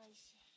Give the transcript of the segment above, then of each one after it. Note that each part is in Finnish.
weiß ich.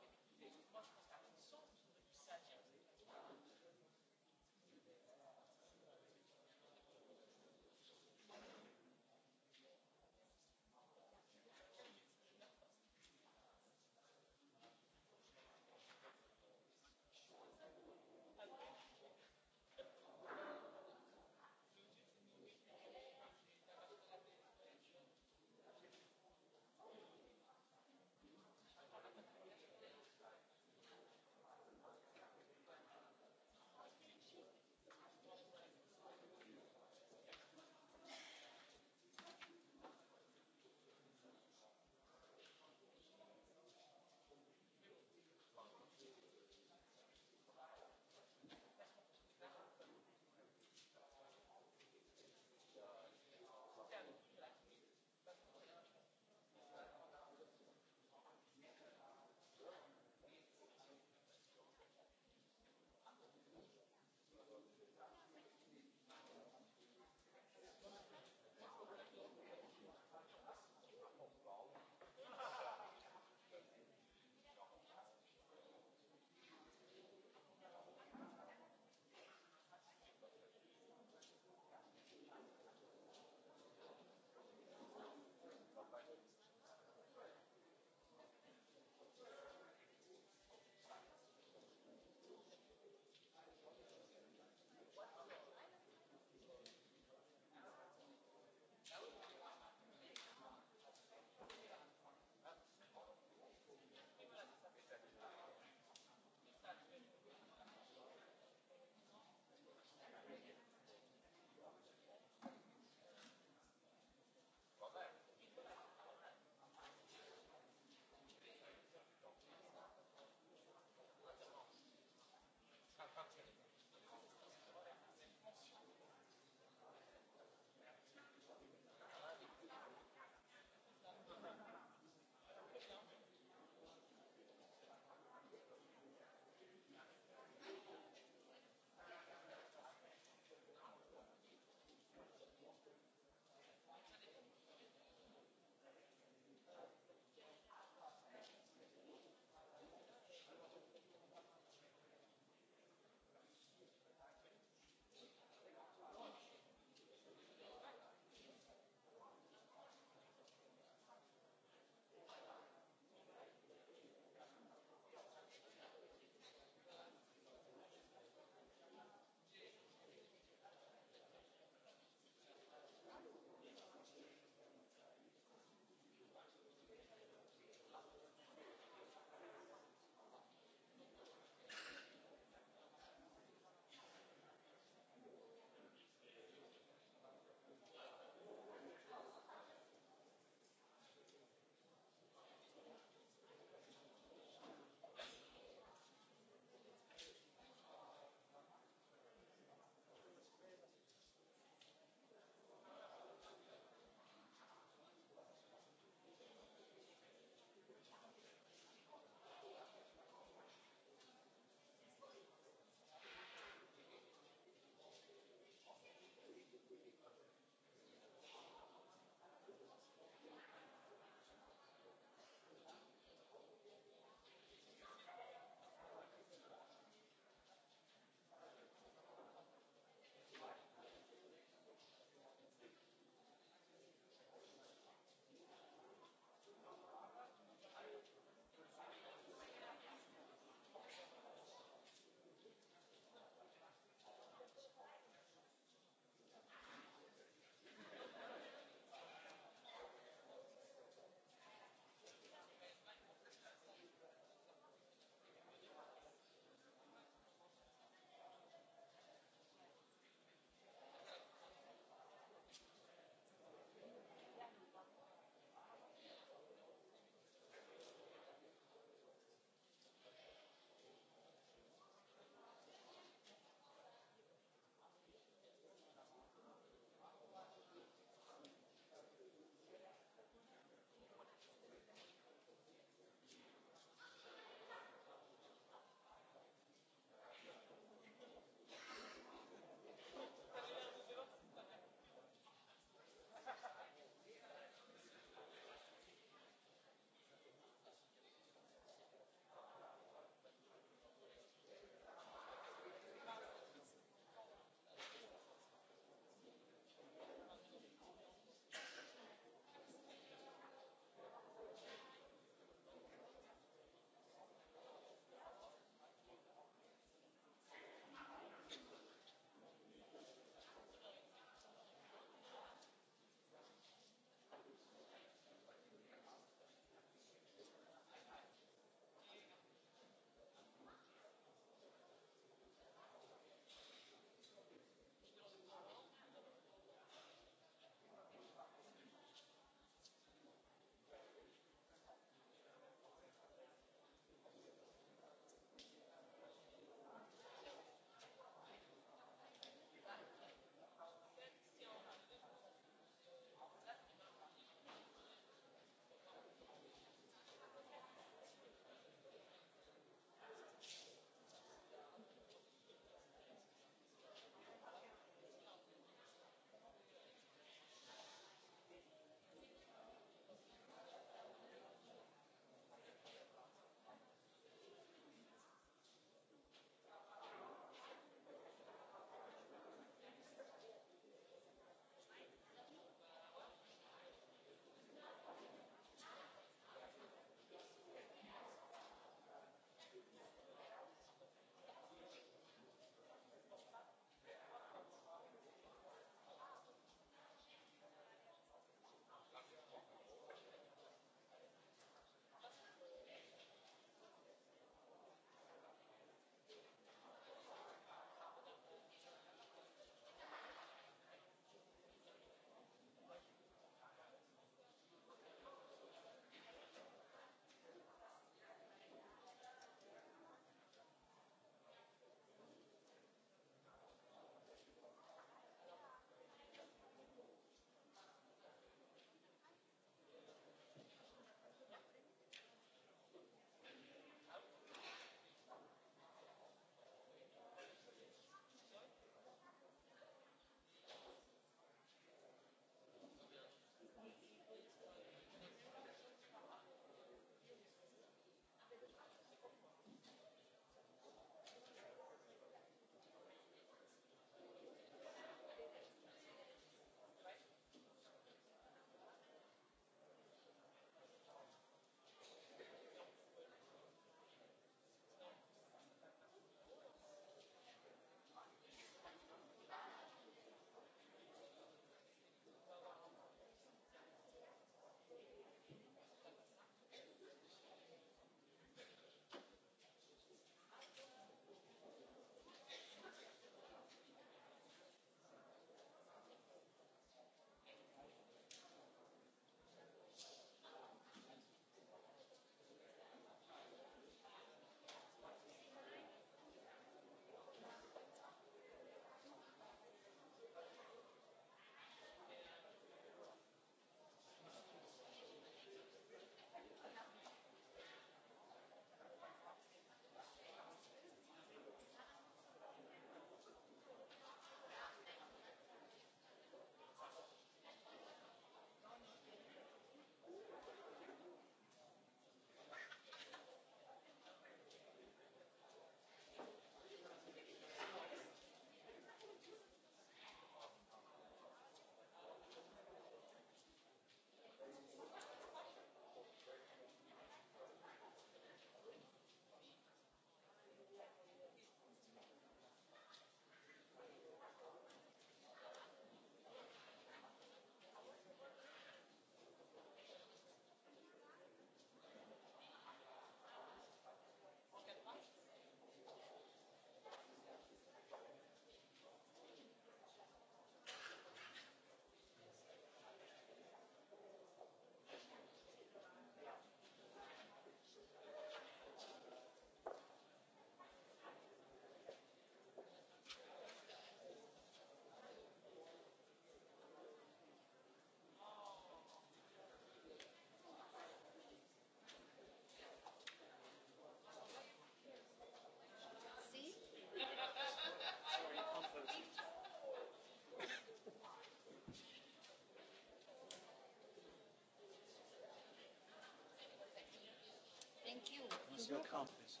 Monsieur Campus.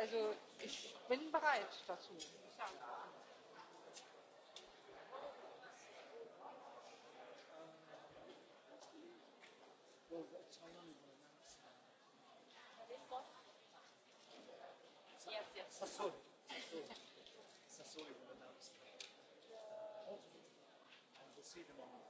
also ich bin bereit dazu. Jetzt, jetzt. Sassoli. Sassoli wurde announced. Uh, hopefully, and we'll see them on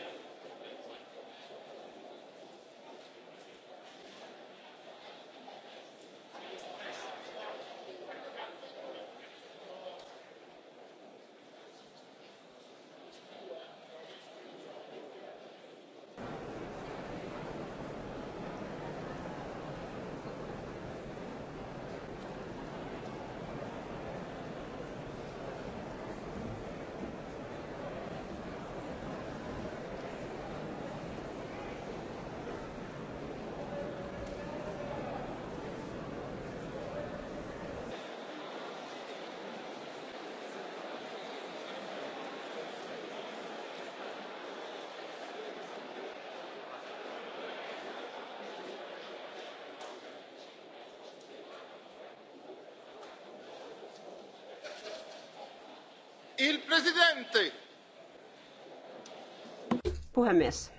Il Puhemies.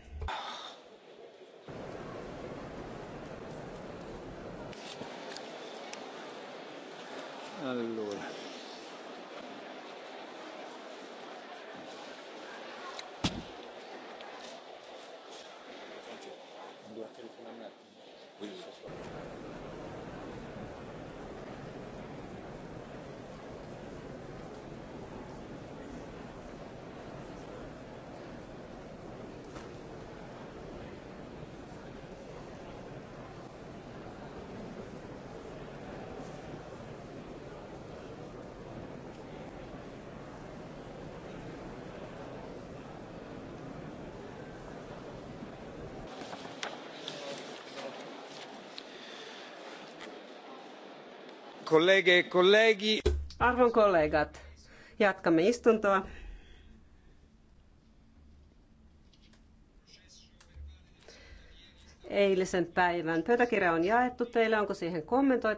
Kollege, e kollegi. Arvon kollegat, jatkamme istuntoa. Eilisen päivän pöytäkirja on jaettu teille. Onko siihen kommentoitavaa?